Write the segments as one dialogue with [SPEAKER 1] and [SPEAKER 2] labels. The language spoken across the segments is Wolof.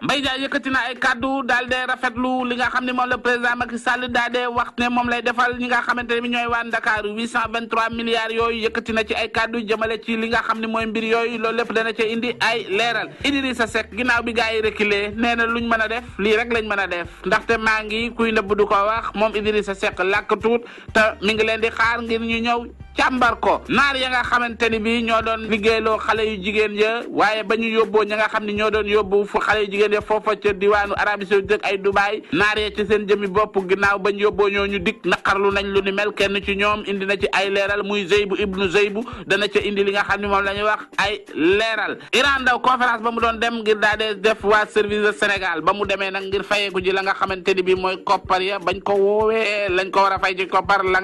[SPEAKER 1] mbay Ndiaye yëkkati na ay kàddu dal de rafetlu li nga xam ne moom la président Macky Sall daal de wax ne moom lay defal ñi nga xamante ne ñooy waa Dakar 823 milliards yooyu yëkkati na ci ay kaddu jamale ci li nga xam ne mooy mbir yooyu loolu lépp dana ci indi ay leeral sa Seck ginnaaw bi gars yi reculé nee na luñ mën a def lii rek lañ mën a def ndaxte maa ngi kuy nëbb du ko wax moom Idrissa Seck làkk tuut te mi ngi leen di xaar ngir ñu ñëw càmbar ko naar ya nga xamante ni bi doon liggéeyloo xale yu jigéen ya waaye ba ñu ña nga xam ne ñoo doon yóbbu fu xale yu jigéen ya foofa ca diwaanu Arabie Saoudite ak ay Dubaay naar ya ci seen jëmi bopp ginnaaw ba ñu yóbboo ñoo ñu dikk naqarlu nañ lu ni mel kenn ci ñoom indi na ci ay leeral muy Zeybu ibnu Zeybu dana ca indi li nga xam ne moom la ñuy wax ay leeral Iran daw conférence ba mu doon dem ngir daa dee def waa service de Sénégal ba mu demee nag ngir fayeeku ji la nga xamante ni bi mooy koppar ya ko woowee lañ ko war a fay ci koppar la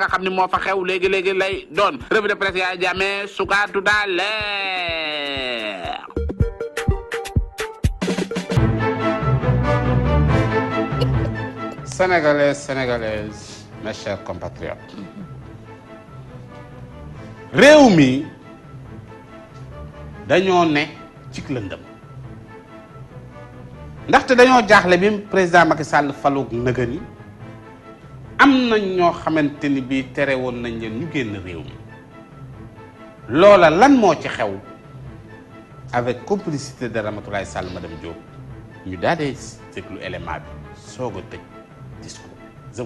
[SPEAKER 1] yoon revue de presse Yaya Jammeh sukaatu daa leer réew mi dañoo ne ci lëndëm ndaxte dañoo jaaxle bi président Macky Sall falug nëgëni am nañ ñoo xamante ni bii tere woon nañ leen ñu génn réew mi loola lan moo ci xew avec complicité de Ramatoulaye Sall madame Diop ñu daal di déglu élément bi soog a tëj discours je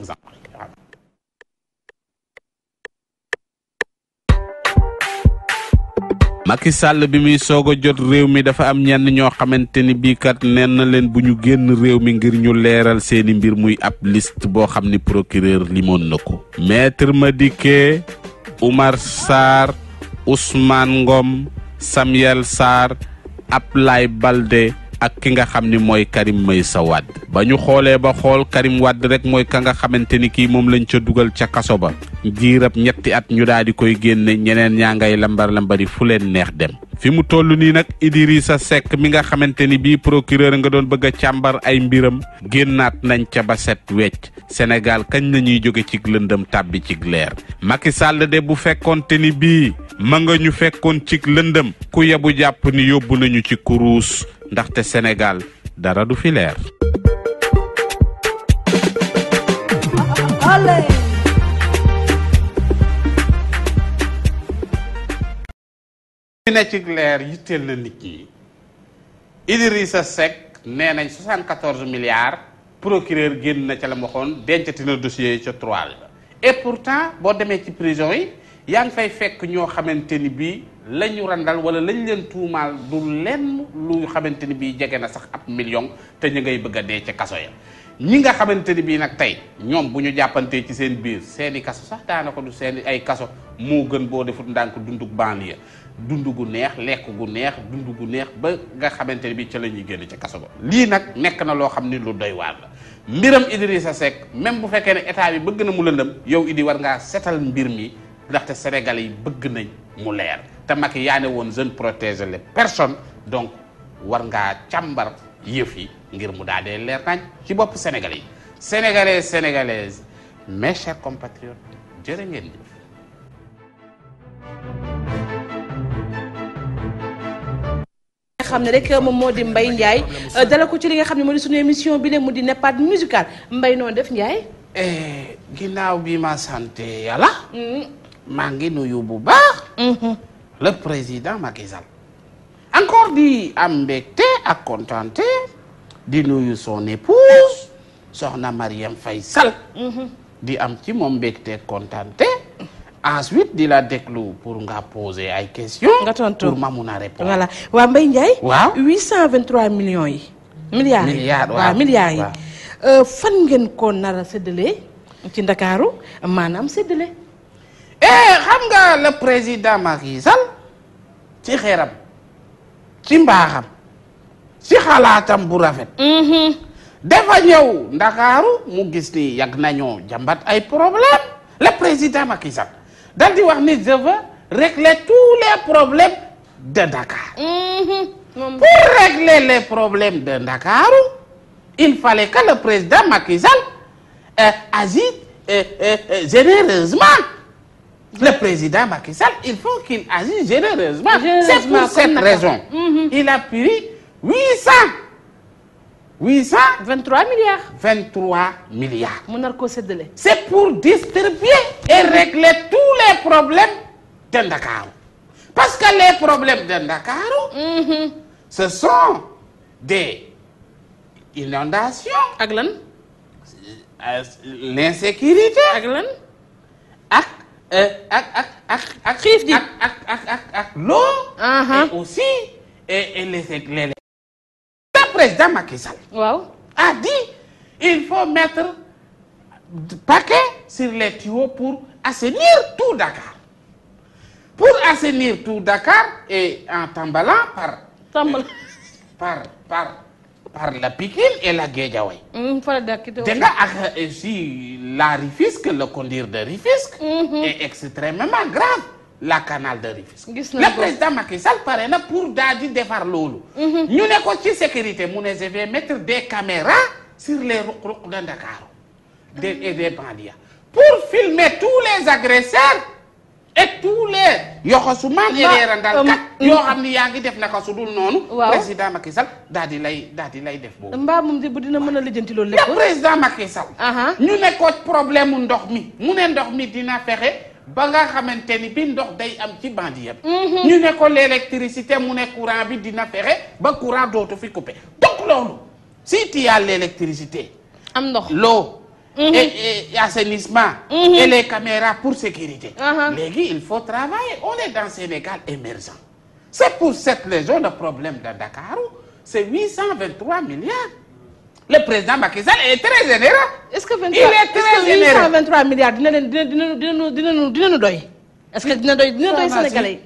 [SPEAKER 1] bi muy soog a jot réew mi dafa am ñenn ñoo xamante ni bii kat nen na leen bu ñu génn réew mi ngir ñu leeral seeni mbir muy ab liste boo xam ni procureur limoon na ko. Maître Madické Oumar Sarr. Ousmane Ngom Samuel Sarr Ablaye Balde ak ki nga xam ni mooy Karim Meïssa Wade ba ñu xoolee ba xool Karim Wade rek mooy ka nga xamante ni kii moom lañ ca dugal ca kaso ba diirab ñetti at ñu daal di koy génne ñeneen ñaa ngay lambar lambari fu leen neex dem fi mu toll nii nag idiri sa Seck mi nga xamante ni bii procureur nga doon bëgg càmbar ay mbiram génnaat nañ ca ba set wecc Sénégal kañ la jóge ci lëndëm tàbbi cig leer Macky Sall de bu fekkoonte ni bii ma nga ñu fekkoon ci lëndëm ku yebu jàpp ni yóbbu nañu ci kuruus ndaxte Sénégal dara du fi leer. ñu ne ci leer yitteel na nit ñi Idrissa Seck nee nañ 74 milliards procureur génn na ca la ma waxoon dencati na dossier yi ca trois la et pourtant boo demee ci prison yi yaa ngi fay fekk ñoo xamante ni bii. la ñu randal wala lañ leen tuumaal du lenn lu xamante ni bii jege na sax ab million te ñu ngay bëgg a dee ca kaso ya ñi nga xamante ni bii nag tey ñoom bu ñu jàppantee ci seen biir seeni kaso sax daanaka du seeni ay kaso moo gën boo defut ndànk dundug banlieue dund gu neex lekk gu neex dund gu neex ba nga xamante ni bii ca la ñuy génn ca kaso ba lii nag nekk na loo xam ni lu doy waar la mbiram sa Seck même bu fekkee ne état bi bëgg na mu lëndëm yow Idi war ngaa setal mbir mi ndaxte Sénégalais yi bëgg nañ mu leer te Macky yaa ne woon je ne protège les personnes donc war nga càmbar yëf yi ngir mu daal dee leer nañ ci bopp Sénégalais yi sénégalais sénégalaise mes chers compatriotes jërë ngeen jëf
[SPEAKER 2] xam ne rek moom moo di Mbaye Ndiaye dala ko ci li nga xam ne moo di sunu émission bi leen mu di neppaat musical Mbaye noonu def Ndiaye
[SPEAKER 1] eh, ginnaaw bi ma sant yàlla mm-hmm. maa ngi nuyu bu baax. Mhm. le président Macky Sall. encore di am mbégte ak contenté di nuyu son épouse soxna Mariam Faye mhm. di am ci moom mbégte contenté ensuite di la déglu pour nga poser ay questions.
[SPEAKER 2] nga tontu pour ma mun waa Mbaye Ndiaye. waaw yi. milliards yi milliards waaw milliards euh, ngeen ko nar ci Ndakaaru maanaam séddale. eh xam nga le président Macky Sall ci xeeram ci mbaaxam
[SPEAKER 1] ci xalaatam bu rafet. Mm-hmm. dafa ñëw ndakaaru mu gis ni yàgg nañoo jàmbat ay problème le président Macky dal di wax ni je veux régler tous les problèmes de Dakar.
[SPEAKER 2] Mm-hmm. pour régler
[SPEAKER 1] les problèmes de Dakar il fallait que le président Macky Sall euh, agisse euh, euh, euh généreusement. le président Macky il faut qu'il agisse généreusement. c'est pour cette raison. Mhm. il a pris huit cent. huit cent. vingt trois milliards. vingt trois milliards. mu nar koo séddale. c'est pour distribuer et régler tous les problèmes de Ndakaaru parce que les problèmes de Ndakaaru. Mhm. ce sont des inondations. ak euh, l'insécurité. Euh, euh, ak ak ak ak xiif di uh-huh. a dit il faut mettre paquet sur les tuyaux pour assainir tout Dakar pour assainir tout Dakar et en tambalant par. Tambal par par. par la Pikine et la Guédiawaye. Mm, te nga ak euh, si la Rufisque le conduire de Rufisque. Mm-hmm. est extrêmement grave la canal de Rufisque. gis le président Macky Sall pare na pour daal di defar loolu. Mm-hmm. ñu ne ci sécurité mu ne je vais mettre des caméras sur les ruq-ruq de Dakar. des et pour filmer tous les agresseurs. et tous les yoxosu maan e reerandal kat yoo xam ne yaa ngi def na ko su dul noonu président Macky Sall daal di lay daal di lay def boobu
[SPEAKER 2] mbaa moom bu dina mën a lijjanti loolu lépp président
[SPEAKER 1] Macky Sall ñu ne ko problème mu ndox mi mu ne ndox mi dina fexe ba nga xamante ni bi ndox day am ci bandi yëpp mhm. ñu ne ko l'électricité mu ne courant bi dina fexe ba courant dootu fi coupé donc loolu si tu as l'électricité am ndox loo Mhm. et, et assainissement. Mhm. et les caméras pour sécurité. Uh-huh. léegi il faut travailler on est dans Sénégal émergent. c'est pour cette raison le problème de Dakar c'est 823 milliards. le président Macky Sall est très généreux.
[SPEAKER 2] est-ce que 23 il est très généreux est-ce que 823 dina leen dina dina dina dina dina doy. est que dina doy dina doy Sénégalais yi.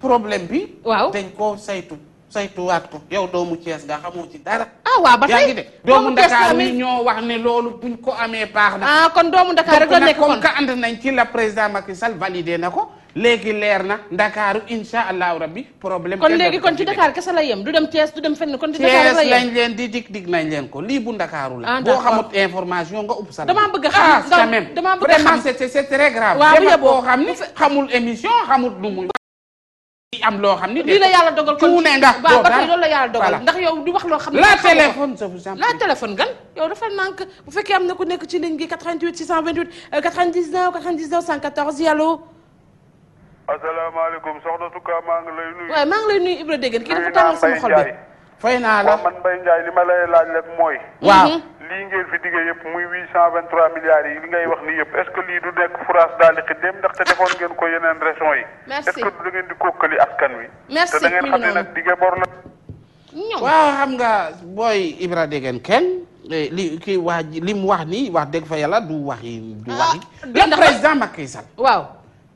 [SPEAKER 2] problème bi.
[SPEAKER 1] waaw dañ koo saytu. saytuwaat ko yow doomu cees nga xamoo ci dara. ah waaw ba tey doomu Dakar mi ñoo wax ne loolu buñ ko amee baax
[SPEAKER 2] na. ah kon doomu Dakar rek la nekk kon
[SPEAKER 1] ka ànd nañ ci la président Macky Sall validé na ko léegi leer na Ndakaaru incha allahu rabbi problème. kon léegi kon ci Dakar
[SPEAKER 2] kese la yem du dem Thiès du dem fenn kon ci Dakar lañ
[SPEAKER 1] leen di dig dig nañ leen ko lii bu Ndakaaru la. Ah, boo xamut information nga ubbi sa. damaa bëgg xam ah quand même. damaa bëgg xam vraiment c'est c'est très grave. xamul émission xamul lu di am loo xam ni lii la yàlla dogal kon tuune nga waaw ba tey loolu la yàlla dogal ndax
[SPEAKER 2] yow di wax loo xam ne la téléphone sa vous la téléphone gan yow dafa nànk bu fekkee am na ku nekk ci ligne bi 88 628 99 99 114 yàllo asalaamaaleykum soxna Touka maa ngi lay nuyu waaw maa ngi lay nuyu Ibra Dégane kii dafa tàngal sama xol bi fay naa la man Mbaye Ndiaye li ma lay laaj rek mooy waaw mm-hmm. lii ngeen fi diggee yëpp muy huit cent vingt trois milliards yi li ngay wax nii yëpp est ce que lii du nekk France
[SPEAKER 3] daal di xiddeem ndaxte ngeen ko yeneen régions yi. est ce que du ngeen di kokkali askan wi. te da xam ne nag diggee bor la. ñoom waaw
[SPEAKER 1] xam nga booy Ibra dégg kenn. Eh, li kii wax li mu wax nii wax dëgg fa yàlla du wax yi du wax yi ah, le président Macky Sall waaw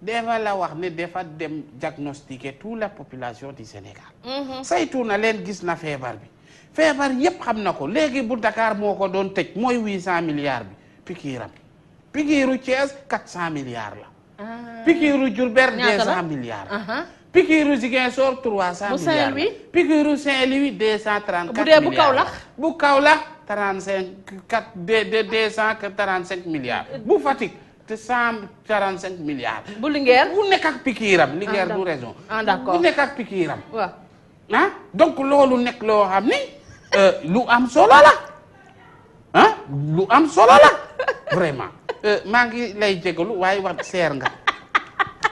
[SPEAKER 1] dafa la wax ne dafa dem diagnostiquer tout la population du Sénégal
[SPEAKER 2] mm-hmm. saytu
[SPEAKER 1] na leen gis na feebar bi feebar yépp xam na ko léegi bu Dakar moo ko doon tëj mooy huit cent milliards bi pikiiram pikiiru Thiès quatre cent milliards la
[SPEAKER 2] ah. pikiiru
[SPEAKER 1] Diourbel deux cent milliards la pikiiru Ziguinchor trois cent milliards la pikiiru Saint-Louis deux cent trente quatre milliards bu Kaolack bu Kaolack trente cinq quatre deux cent trente cinq milliards euh, bu Fatick te cent quarante cinq milliards bu Linguère bu nekk ak pikiiram ah, Linguère du raison ah, bu nekk ak pikiiram ah donc loolu nekk loo xam ni Euh, lu am solo lu am solo la vraiment euh, maa ngi lay jégalu waaye wax seer nga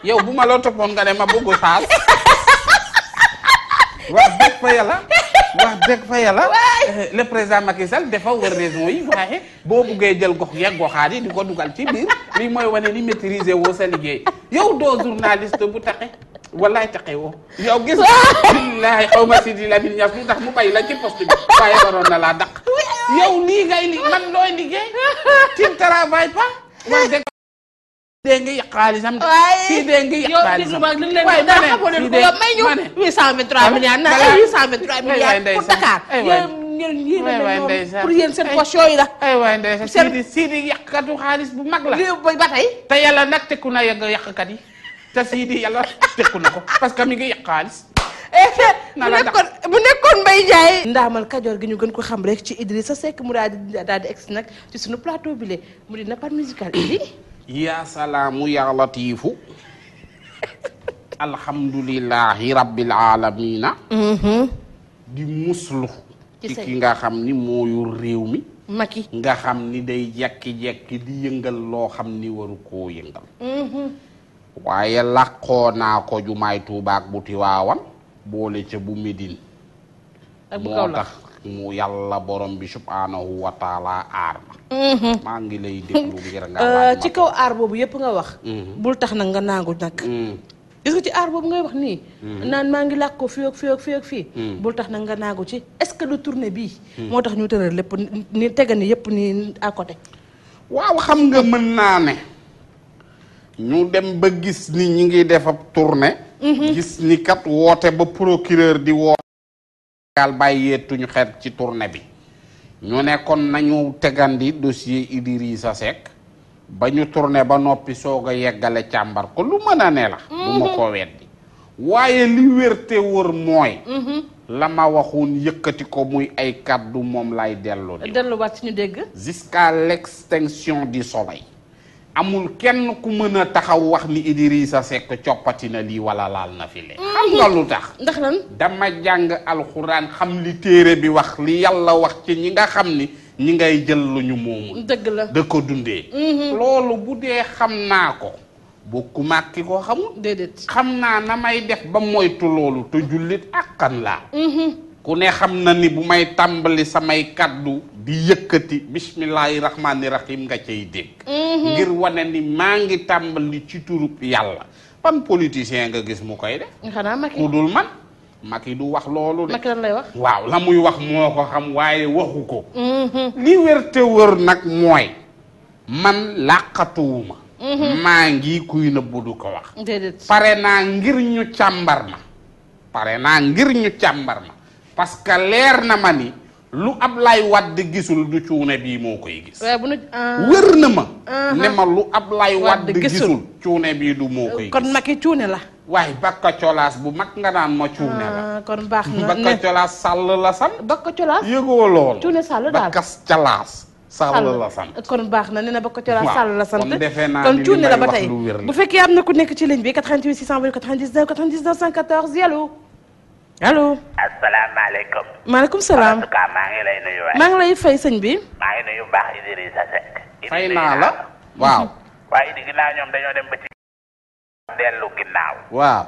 [SPEAKER 1] yow bu ma la toppoon nga ne ma bëgg saas wax dëgg fa yàlla wax dëgg fa yàlla euh, le président Macky Sall dafa wër yi waaye boo buggee jël gox yeeg goxaat yi ko dugal ci biir lii mooy wane ni maîtriser woo sa liggéey yow doo journaliste bu taxe wallaay taxewoo yow gis nga. billaahi xaw ma si di Lamine Niass lu mu bay la ci poste bi waaye waroon na laa daq yow lii ngay li man looy liggéey. tu
[SPEAKER 2] ne travailles pas. man dégg nga dégg nga yàq xaalisam. waaye fii dégg nga yàq xaalisam waaye ma ne fii 823 milliards na 823 milliards pour Dakar. aywaay ndeysaan pour yéen seen poche yooyu
[SPEAKER 1] la. aywaay ndeysaan Sidi Sidi yàqkatu xaalis bu mag la. ba tey. te yàlla nag tekku na yàqkat yi. te sii di yàlla tekku na ko parce que mi ngi yàq xaalis. Eh, na nekkoon bu nekkoon Mbaye Ndiaye.
[SPEAKER 2] ndaamal kajoor gi ñu gën ko xam rek ci sa Seck mu daal di daal di nag ci suñu plateau bi le mu di na par musical idi
[SPEAKER 1] yaa salaamu yaa latiifu alhamdulilahi rabbil alamina mm-hmm. di muslu ci ki nga xam ni mooyu réew mi Macky nga xam ni day jekki-jekki di yëngal loo xam ni waru koo yëngal mm-hmm. waaye làqoo naa ko jumaay Tuubaa ak bu Tiwaawan boole ca bu Medine moo tax mu yàlla borom bi subhaanahu wa taala aar ma mhm. ngi
[SPEAKER 2] lay déglu ngir nga ci kaw aar boobu yëpp nga wax mhm. bul tax na nga nangu nag mhm. gis nga ci aar boobu ngay wax nii naan maa ngi làkk ko fii ak fii bul tax na nga naagu ci est-ce que du tournée bi moo tax ñu tëral lépp ni tega ni yépp nii à waaw xam nga mën naa ne
[SPEAKER 1] ñu dem ba gis ni ñi ngi def ab tournée. Mhm. gis ni kat woote ba procureur di woote. daal bàyyi yeetuñu xel ci tournée bi. ñu nekkoon nañu tegandi dossier Idrissa Seck ba ñu tourné ba noppi soog a yeggale càmbar ko lu mën a ne la. bu ma mhm. ko weddi waaye li wérte wër mooy. Mhm. la ma waxoon yëkkati ko muy ay kàddu moom lay dellu.
[SPEAKER 2] delluwaat ci ñu dégg.
[SPEAKER 1] jusqu'à l'extinction di soleil. amul kenn ku mën a taxaw wax ni Idrissa Seck coppati na lii wala laal na fi lee xam nga lu tax ndax lan dama jàng alxuraan xam li téere bi wax li yàlla wax ci ñi nga xam ni ñi ngay jël lu ñu moomul dëgg la da ko dundee mhm. loolu bu dee xam naa ko bokkuma ak ki koo xamul déedéet xam naa na may def ba moytu loolu te jullit akkan laa mhm. ku ne xam na ni bu may tàmbali samay kàddu di yëkkati bismillaahi rahmaani rahim nga cay dégg
[SPEAKER 2] mhm. ngir
[SPEAKER 1] wane ni maa ngi tàmbali ci turub yàlla ban politicien nga gis mu koy def
[SPEAKER 2] xanaa Macky ku dul man
[SPEAKER 1] Macky du wax loolu de Macky lan lay wax waaw la muy wax moo ko xam waaye waxu ko mhm. li wér wër nag mooy man làqatuwuma
[SPEAKER 2] mhm. maa
[SPEAKER 1] ngi kuy nëbbu du ko wax
[SPEAKER 2] déedéet pare naa
[SPEAKER 1] ngir ñu càmbar ma pare naa ngir ñu càmbar ma parce que leer na ma ni lu Ablaye Wade gisul du cuune bii moo koy gis.
[SPEAKER 2] Ah. wër na ma. Ah. ne ma
[SPEAKER 1] lu Ablaye Wade gisul cuune bii du moo koy gis.
[SPEAKER 2] kon Macky cuune
[SPEAKER 1] la. waaye bakka colaas bu mag nga naan ma cuune la.
[SPEAKER 2] Ah, kon baax na bakka
[SPEAKER 1] colaas sàll la
[SPEAKER 2] san. bakka colaas yëgoo lool. cuune sàll daal bakka colaas.
[SPEAKER 1] sàll la sant
[SPEAKER 2] kon baax na ba na bakka colaas sàll la sant. kon defe naa kon cuune la ba tey bu fekkee am na ku nekk ci ligne bi 88 628 99 99 94 yàlla. allo. asalaamaaleykum. maaleykum salaam. en tout cas maa ngi lay nuyu. maa ngi lay fay sëñ bi. maa ngi nuyu baax Idrissa Seck.
[SPEAKER 1] fay naa la waaw. waaye Idy ginnaaw ñoom dañoo dem ba ci. dellu ginnaaw. waaw.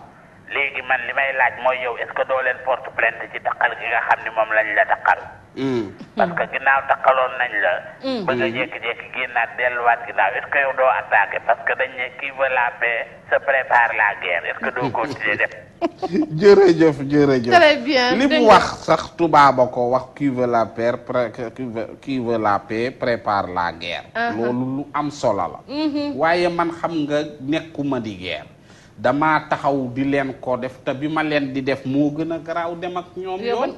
[SPEAKER 1] léegi man li may laaj mooy yow est-ce que doo leen porte plainte ci takkal gi nga xam ni moom lañ la takkal. Hmm. parce que ginnaaw takkaloon nañ la. Hmm. bëgg a jékki-jékki génnaat delluwaat ginnaaw est que doo attaqué parce que dañ ne qui veut la paix se prépare la guerre est que doo continuer def. jërëjëf jërëjëf.
[SPEAKER 2] li mu wax
[SPEAKER 1] sax tubaaba ko wax qui veut la paix qui veut la paix prépare la guerre. Uh-huh. loolu lu am solo mm-hmm. waaye man xam nga nekkuma di guerre. damaa taxaw di leen ko def te bi ma leen di def moo gën a garaaw dem ak ñoom
[SPEAKER 2] yoon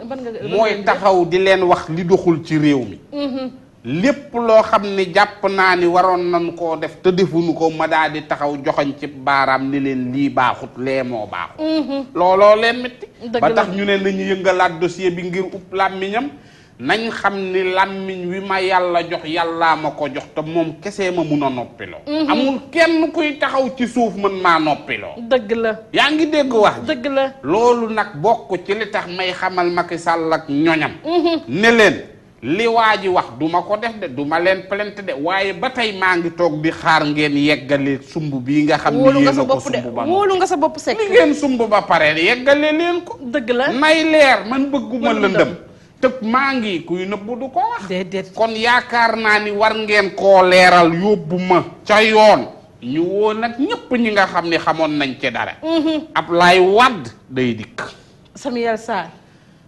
[SPEAKER 2] mooy taxaw
[SPEAKER 1] di leen wax li doxul ci réew mi mm-hmm. lépp loo xam ne jàpp naa ni waroon nañ koo def te defuñu ko ma daal di taxaw joxoñ ci baaraam ni leen lii baaxut lee moo baaxut mm-hmm. looloo leen métti ba tax ñu ne nañu yëngalaat dossier bi ngir upp làmmiñam nañ xam ni làmmiñ wi ma yàlla jox yàlla ma ko jox te moom kese ma mun a noppiloo mhm. amul kenn kuy taxaw ci suuf mën maa noppiloo dëgg la yaa ngi dégg wax dëgg la loolu nag bokk ci li tax may xamal Macky Sall ak ñoñam mhm. ne leen li waa ji wax duma ko def de duma leen plainte de waaye ba tey maa ngi toog bi xaar ngeen yeggale sumb bii nga xam ne yéen a ko sumb ba wóolu nga sa bopp sekk li ngeen sumb ba pare yeggale leen ko dëgg la may leer man bëgguma lëndëm tëb maa ngi kuy nëbbu du ko wax. kon yaakaar naa ni war ngeen koo leeral yóbbu ma ca yoon. ñu woon nag ñëpp ñi nga xam ne xamoon nañ ci dara. Mhm. lay Wade day dikk.
[SPEAKER 2] Samuel Sarr.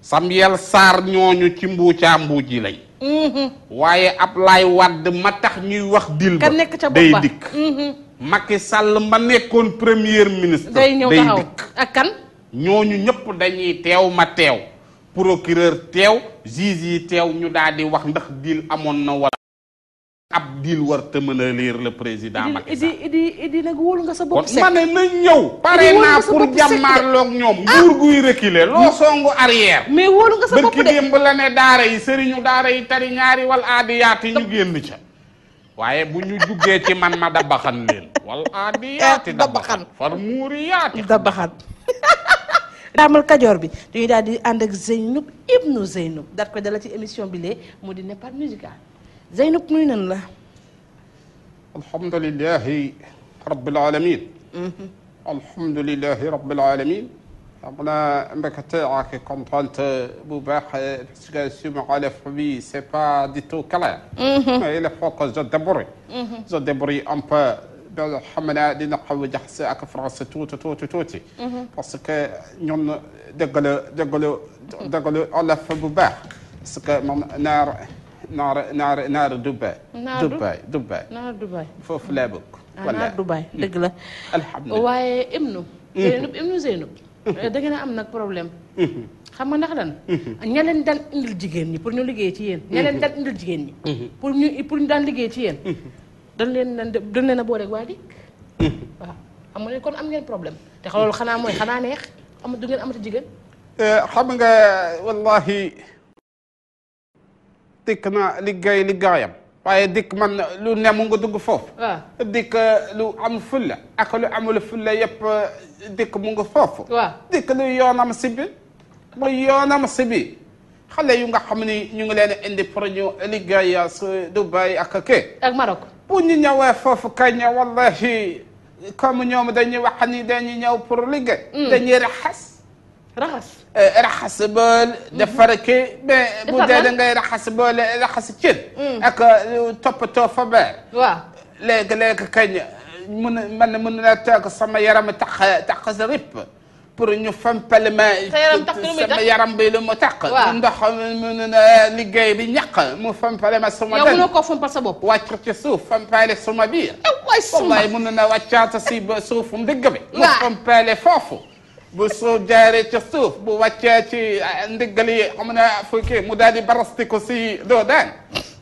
[SPEAKER 1] Samuel Sarr ñooñu ci mbuujaa mbuuj yi lañ. Mhm. waaye ab Ablaye Wade ma tax ñuy wax dil ba day dikk. Mhm. Macky sàll ma nekkoon premier ministre. day ñëw taxaw ak kan. ñooñu ñëpp dañuy teew ma teew. procureur teew juge yi teew ñu daal di wax ndax diil amoon na wala ab diil war te mën la président Macky
[SPEAKER 2] Sall ma ne na ñëw pare naa pour jàmmaarloog
[SPEAKER 1] ñoom ah! nguur guy reculer loo songu arrière mais wóolu nga sa bopp de bërki ne daara yi sëriñu daara yi tari ñaari wal aadiyaati ñu génn ca waaye bu ñu jugee ci man ma dabaxan leen wal aadiyaati eh, dabaxan far muuriyaati
[SPEAKER 2] dabaxan raamal kajoor bi dañuy daal di ànd ak Zeynub Ibnu Zeynub daat koy dala ci émission bi lee mu di Nepad Musical Zeynub nuy nan la
[SPEAKER 1] alhamdulilahi rabbil alamin mhm. alhamdulilahi rabbil alamin xam naa mbégte ak kontaante bu baax parce que suma xalif bi c'est pas du tout clair mhm. mais il faut que je débrouille mhm. je débrouille un peu loolu xam naa dina xaw a jaxase ak français tuuti tuuti tuuti. parce que ñoom dëgg la dëgg la dëgg la olof bu baax parce que moom naar naar naar naar Dubaï. naar Dubaï Dubaï.
[SPEAKER 2] naar Dubaï foofu laa bëgg. voilà naar Dubaï dëgg la. alhamdulilah waaye Ibnu. Zeynub Ibnu Zeynub. da ngeen a am nag problème. xam nga ndax lan. ña leen daan indil jigéen ñi pour ñu liggéey ci yéen. ña leen daan indil jigéen ñi. pour ñu pour ñu daan liggéey ci yéen. dañ leen nan dañ leen a booleeg waa dikk hmm. waaw am nga kon am ngeen problème te loolu xanaa mooy xanaa neex am du ngeen jigéen
[SPEAKER 1] eh, xam nga wallahi dikk na liggéey liggéeyam waaye dikk man lu ne mu nga dugg foofu ah. dikk lu am fulla ak lu fulla yëpp dikk mu nga foofu dikk lu yoonam si mu yoonam si xale yu nga xam ni ñu ngi leen indi pour ñu liggéey su Dubai ak kii. ak Maroc. bu ñu ñëwee foofu kañ wallahi comme ñoom dañuy wax ni dañuy ñëw pour liggéey. Mm. dañuy raxas. raxas. Eh, raxas bool. defar kii mais bu dee da ngay raxas bool raxas cin. Mm. ak eh, toppatoo fa beer. waaw léegi léegi kañ mun mën mën naa toog sama yaram tax tax rip. pour ñu fampal ma. sama yaram bi lu mu taq. ndox mu liggéey bi ñaq mu fampal ma suma. yow mënoo koo fampal sa bopp. wàcc ci suuf fampale suma biir. waay suma wallaay mën na wàccaata si ba suufum digg bi. mu foofu. bu soo jaaree ci suuf bu wàccee ci ah, ndiggali xam na mu daal di barastiku si doodaan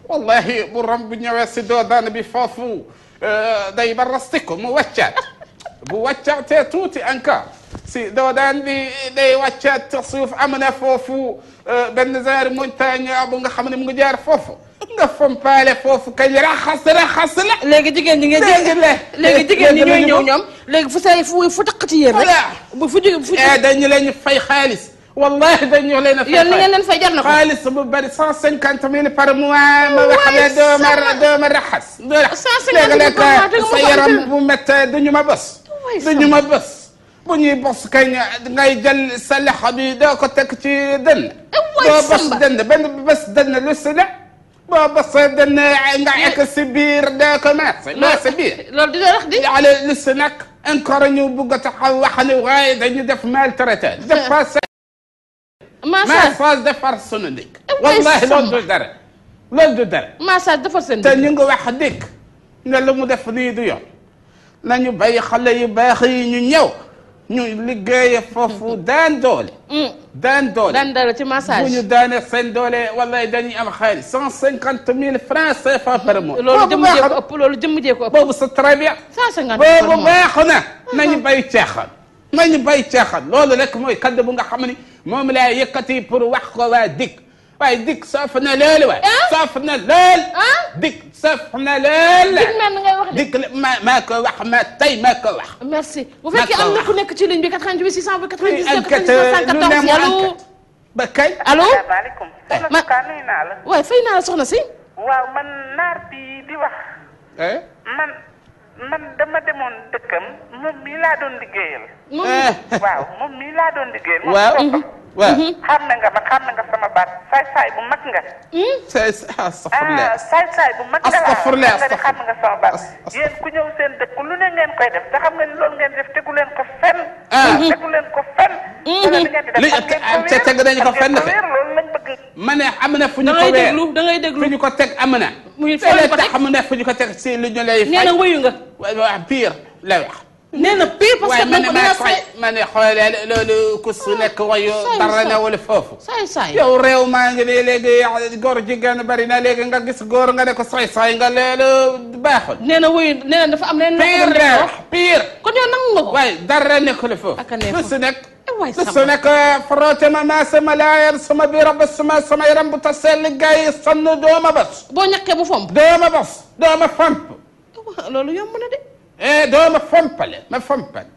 [SPEAKER 1] wallahi bu ram bu ñëwee si doodaan bi foofu euh, day barastiku mu wàccaat bu wàccaatee tuuti encore. si doodaan bi day wàccaat suuf am na foofu euh, benn genre montagne bu nga xam ne mu ngi jaar foofu nga fompaale foofu kañ raxas raxas
[SPEAKER 2] la. léegi jigéen ñi nga jël léegi jigéen ñi ñooy ñëw ñoom léegi fu say fu fu taqati yéen rek. bu fu jóge fu jóge eh, dañu leen fay xaalis. wallahi dañu leen a fay yéen li ngeen leen fay jar na ko
[SPEAKER 1] xaalis bu bëri cent cinquante mille par mois. ma nga xam ne doo ma doo ma raxas. cent cinquante mille par mois léegi nag sa yaram bu méttee duñu ma bës. duñu ma bës. bu ñuy bos kañ ngay jël sa lexa bi doo ko teg ci dënn. Eh doo bos dënn benn bés dënn lu si la. boo bosee dënn nga eh. egg si biir doo ko maase. maase biir loolu di. yàlla a taxaw wax ne waaye dañu def maltraité. Eh. dépassé. massage defar sunu dikk.
[SPEAKER 3] wallahi loolu du
[SPEAKER 1] dara. loolu du dara. massage defar seen dikk te ñu wax dikk. ne lu mu def nii du yoon. nañu bàyyi xale yu baax yi ñu ñëw. ñuy liggéeye foofu daan doole. Mm. daan doole daan doole ci massage. bu ñu daane seen doole wala dañuy am xaalis cent cinquante mille francs CFA par mois. loolu jëmm jee ko ëpp loolu jëmm jee ko ëpp. boobu c'est très bien.
[SPEAKER 2] cent cinquante boobu baax
[SPEAKER 1] na. Ah. nañu bay ceexal. nañu bay ceexal loolu rek mooy kaddu bu nga xam ni moom laa yëkkati pour wax ko waa waaye dikk saf na leel waay. Ah? saf na leel. Ah? dikk saf na leel. dikk man ngay wax dikk ma maa ko wax ma tey maa ko wax.
[SPEAKER 2] merci bu fekkee am na ku nekk ci ligne bi 88 698 98 allo.
[SPEAKER 1] ba kay allo.
[SPEAKER 2] asalaamaaleykum. Eh, soxna Souka nuyu naa la. waay fay naa la soxna si. waaw man naar bi di wax. Eh?
[SPEAKER 1] man man dama demoon dëkkam moom mii laa doon liggéeyal. moom mii eh. waaw moom mii laa doon liggéeyal. waaw waaw mhm. xam na nga ma xam na nga sama baat saay
[SPEAKER 2] saay bu mag nga.
[SPEAKER 1] saay saay
[SPEAKER 2] saay bu mag nga laa xam nga sama baat yéen ku ñëw seen dëkk lu ne ngeen koy def te xam nga ni loolu ngeen def tegu leen ko fenn. Ah. tegu leen ko fenn. Mhm. li te teg dañu ko fenn fe
[SPEAKER 1] ma ne am na fu ñu ko weer da ngay déglu fu ñu ko teg am na. muy fooy ko teg xam ne fu ñu ko teg si lu ñu lay. fay nee na wëyu nga. waaw pire la wax. nee na pire parce que danga ko dina say ma ne xoolee eh, loolu ku si nekk wayu dara na wala foofu. saay saay yow réew maa ngi ne a góor jigéen bari na léegi nga gis góor nga ne ko saay a nga loolu baaxul. nee na wuyu nee na
[SPEAKER 2] na. pire de
[SPEAKER 1] pire. kon yow nangu nga ko. waaye dara nekkul foofu. ak a nekkul ku si nekk. Eh, waay sama ku si nekk ma maa sama laayar sama biir ba sama sama yaram bu tas seen liggéey dooma bas. boo ñàkkee bu fomp. dooma bas dooma fomp. Eh, loolu yomb na de. eh doo ma fompale ma fompale.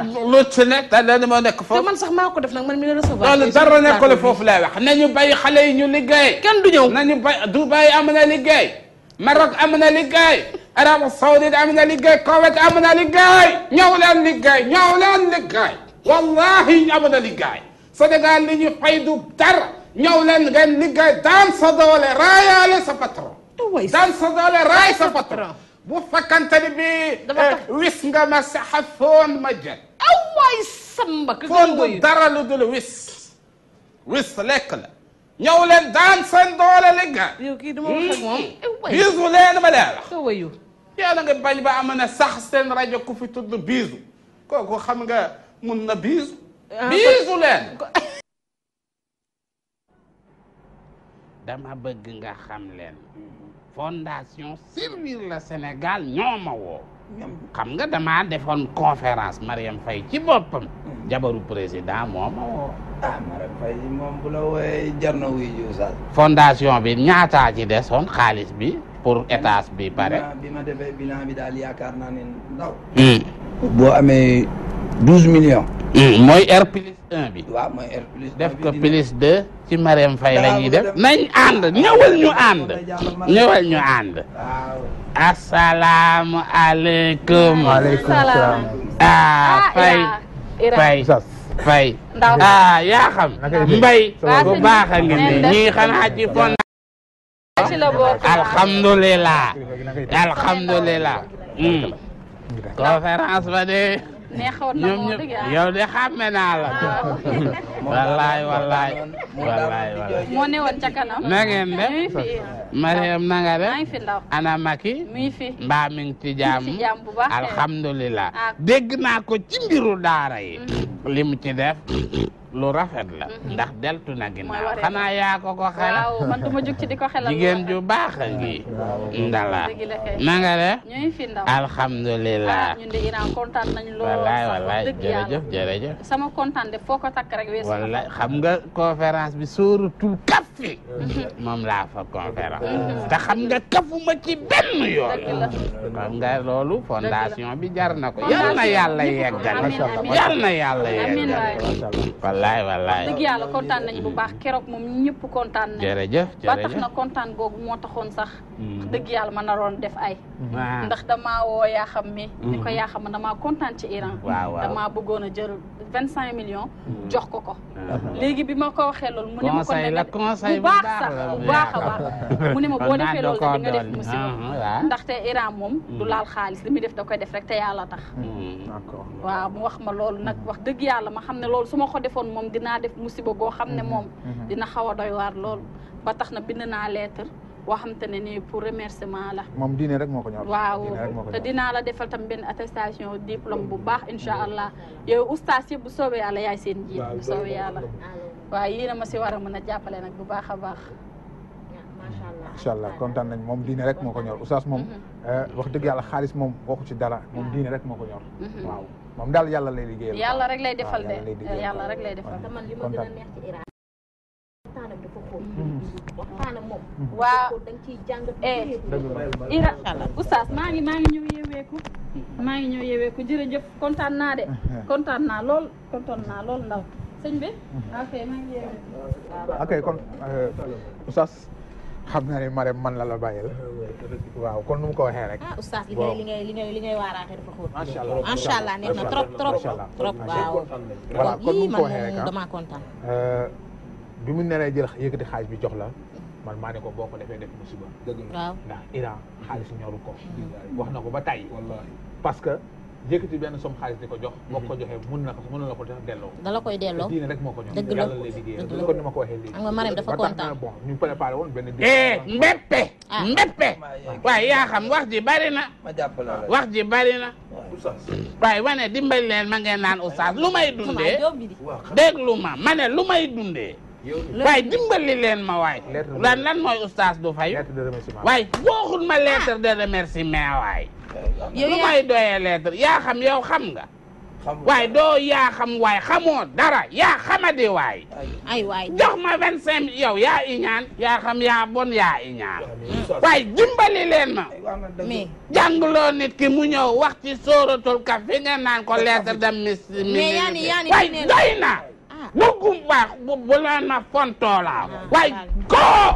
[SPEAKER 1] lu ci nekk. daal daal moo nekk foofu. te man
[SPEAKER 2] sax maa ko def nag man mi la recevoir. loolu dara nekkul
[SPEAKER 1] foofu laay wax nañu bàyyi xale yi ñu liggéey. kenn du ñëw nañu bàyyi Dubaï am na liggéey. Maroc am na liggéey. Arabie Saoudite am na liggéey. Koweït am na liggéey. ñëw leen liggéey ñëw leen liggéey. wallahi am na liggéey. Sénégal li ñu fay du dara. ñëw leen ngeen liggéey daan sa doole raayaale sa patron. Oh, daan sa doole raay sa patron. bu fekkante ni bii. dafa eh, wis nga ma sax foon ma jël.
[SPEAKER 2] aw samba. kër foon
[SPEAKER 1] dara lu dul wis. wis lekk la. ñëw leen daan seen doole liggéey. kii dama wax ak hmm. eh, biisu leen ma leen wax. wayu yéen a nga bañ ba am sax seen rajo ku fi tudd biisu. kooku xam nga mun na biisu. Ah. biisu leen. dama bëgg nga xam leen. fondation servir le Sénégal ñoo ma woo xam nga damaa defoon conférence Mariam Faye ci boppam mm. jabaru président moo ma woo ah, fondation bi ñaataa ci desoon xaalis bi pour étage bi pare bi ma bi daal yaakaar naa ne
[SPEAKER 3] mm. amee douze millions mm, mooy air
[SPEAKER 1] plus 1 bi. waaw def ko plus de ci Marème fay la ñuy def. nañ ànd ñëwal ñu ànd. ñëwal ñu ànd. waaw. asalaamualeykum. waaleykum salaam. ah, ah Faye. Faye ah, yaa xam. mbay bu baax a ngi nii ñii xanaa ci fond. alhamdulilah. alhamdulilah. Hmm. conférence ba de.
[SPEAKER 3] neexoon na ñoom ñëpp yow de
[SPEAKER 1] xàmme naa la. Ah, wallaay wallaay. wallaay wallaay. moo
[SPEAKER 3] newoon ca kanam. na ngeen def.
[SPEAKER 1] Mariam na nga def. ana Maki.
[SPEAKER 3] muy fi mbaa
[SPEAKER 1] mi ngi ci jàmm. ci jàmm bu baax alhamdulilah. Ah. dégg naa ko ci mbiru daara yi. Mm-hmm. li mu ci def. lu rafet la ndax deltu na ginnaaw xanaa
[SPEAKER 3] yaako ko ko xelal jigéen ju
[SPEAKER 1] baax a gi ndala na nga de alhamdulilah ah, ñun
[SPEAKER 3] de Iran kontaan nañ lool
[SPEAKER 1] xam nga conférence bi sóoratul kaf mhm. moom laa fa conférence mhm. te
[SPEAKER 3] xam nga kafuma ci benn
[SPEAKER 1] yoon xam nga loolu fondation bi jar ko yal yàlla yeggal yal yàlla yeggal wallaay wallaay dëgg
[SPEAKER 3] yàlla kontaan nañu bu baax keroog moom ñëpp kontaan nañ jërëjëf jërëjëf ba tax na kontaan googu moo taxoon sax Mm-hmm. dëgg yàlla ma naroon def ay ndax damaa woo yaa xam mi mm-hmm. ni ko yaa ma damaa kontaan ci Iran damaa bëggoon a jël vingt cinq millions mm-hmm. jox ko ko
[SPEAKER 2] uh-huh. léegi
[SPEAKER 3] bi ma ko waxee loolu mu ne ma ko ne a baax ma
[SPEAKER 2] boo defee loolu da nga def musiba uh-huh, ndaxte
[SPEAKER 3] Iran moom lu laal xaalis li muy def da koy def rek te yàlla tax waaw mu wax ma loolu nag wax dëgg yàlla ma xam ne loolu su ma ko defoon moom dina def musiba goo xam ne moom dina xaw a doy waar loolu ba tax na bind naa lettre boo xam ne nii pour remerciement la. moom
[SPEAKER 1] diine rek moo ko ñor. waaw te dinaa
[SPEAKER 3] la defal tam benn attestation diplôme bu baax incha allah yow ustaas yi bu soobee yàlla yaay seen jiit. bu soobee yàlla waaw yéen a ma si war a mën a jàppale nag bu baax a baax.
[SPEAKER 1] incha kontaan nañ moom diine rek moo ko ñor oustaz moom mhm. eh, wax dëgg yàlla xaalis moom waxu ci dara moom diine rek moo ko ñor mhm. waaw moom daal yàlla
[SPEAKER 2] lay liggéeyal yàlla rek lay defal de yàlla rek lay defal
[SPEAKER 3] waxtaan ak dafa xóot mm-hmm. waxtaan ak moom mm-hmm. waaw eh, naa de mm-hmm. kontaan lool kontaan lool ndaw sëñ bi ok
[SPEAKER 1] euh, xam naa ne Marème man la la bàyyil waaw kon nu mu ko waxee rek. ah oustaz
[SPEAKER 2] allah macha trop trop trop. waaw kon nu mu rek ah kontaan.
[SPEAKER 1] Euh, bi mu neree jël yëkkati xaalis bi jox la man maa ne ko boo ko defee def musiba. waaw ndax Iran xaalis ñoru ko. wax na ko ba tàyyi. parce que yëkkati benn soom xaalis di ko jox. boo ko joxee mun na ko mën na la ko def delloo. da la koy delloo diine rek moo ko ñor. dëgg la yàlla lay liggéeyal kon ni ma ko waxee léegi. xam nga Marème dafa kontaan bon ñu préparé
[SPEAKER 2] woon eh, mbeppe ah. mbeppe waaye yaa
[SPEAKER 1] xam wax ji bari na. wax ji bari na. waaye wane dimbali leen ma ngeen naan oustaz lu may dundee. déglu ma ma ne lu may dundee. waaye dimbali leen ma waay. lan lan mooy oustaz du fayu. waaye waxul ma lettre ah. de remerciement waay. yow lu may doyee lettre yaa xam yow xam nga. waaye doo yaa xam waay xamoo dara yaa xamadi waay. ay jox ma vingt cinq yow yaa iñaan yaa xam yaa bon yaa iñaan waaye dimbali leen ma. jàngloo nit ki mu ñëw wax ci sóoratul kaf fi nga naan ko lettre de remerciement. mais yaa doy na. bëggum baax wala na fontoola ah, waaye koo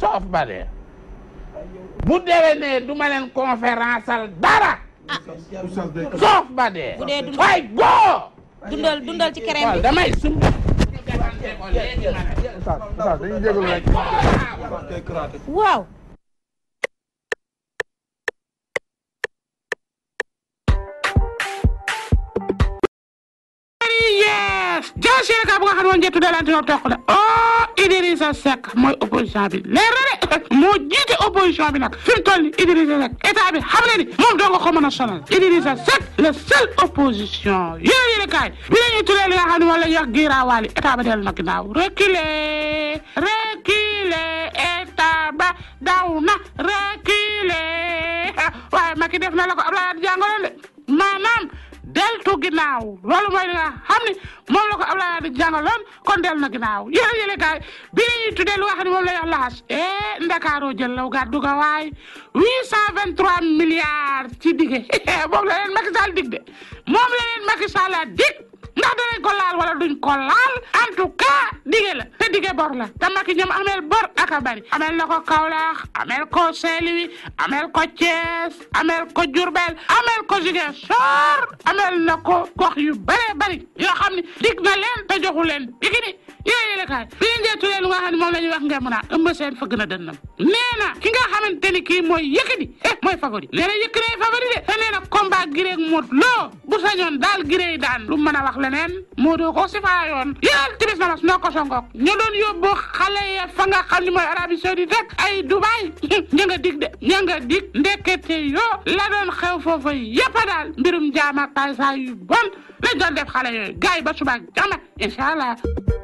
[SPEAKER 1] soof ba dee bu déwénee du ma leen conférence al dara ah. soof ba dee waaye goo
[SPEAKER 3] dundal dundal ci kerem bi damay
[SPEAKER 1] sumb waaw jaasee ka bu nga xam ne njëttu dalantinoor toq la oh Idrissa Seck mooy opposition bi leer na de moo jiite opposition bi nag fi mu ni Idrissa Seck état bi xam na ni moom doo nga ko mën a sonal Idrissa Seck la seule opposition yéen yéen kaay bi la ñuy tuddee li la ñuy wax giraawaali état ba dellu na ginnaaw reculer reculer daw na reculer waaye Macky def na la ko Abdoulaye jàngaloon deltu ginnaaw loolu mooy li nga xam ni moom la ko Abdoulaye Wade jàngaloon kon del na ginnaaw yéen yële gaay bi ñuy tuddee lu wax ni moom la yor laxas eh Ndakaaroo jël law gàddu ga waay 823 milliards ci digge moom la leen moom la leen Macky dig ndax danañ ko laal wala duñ ko laal en tout cas. dige la te dige bor la te Macky ñoom ameel bor aka bari ameel na ko Kaolack ameel ko Saint-Louis ameel ko Thiès ameel ko Diourbel ameel ko Ziguinchor ameel na ko gox yu bëree bëri yoo xam ne dig na leen te joxu leen digini yooyu la kaay bi ñu dee turee lu nga moom la ñuy wax ngeen mën a ëmb seen fëgg na dënnam nee ki nga xamante ni kii mooy Yékini eh mooy favori nee na Yékini ay favori de te nee na combat Giré ak bu sañoon daal Giré daan lu mën a wax leneen Modou ko si faa yoon yéen na mas noo ñoo songook ñu doon yóbbu xale ya fa nga xam ne mooy Arabie Saoudite rek ay Dubaay ña nga dig de ña nga dig ndekete yoo la doon xew foofa yëpp daal mbirum jaam ak taay
[SPEAKER 2] saa yu bon lañ doon def yi ba suba jàmm incha allah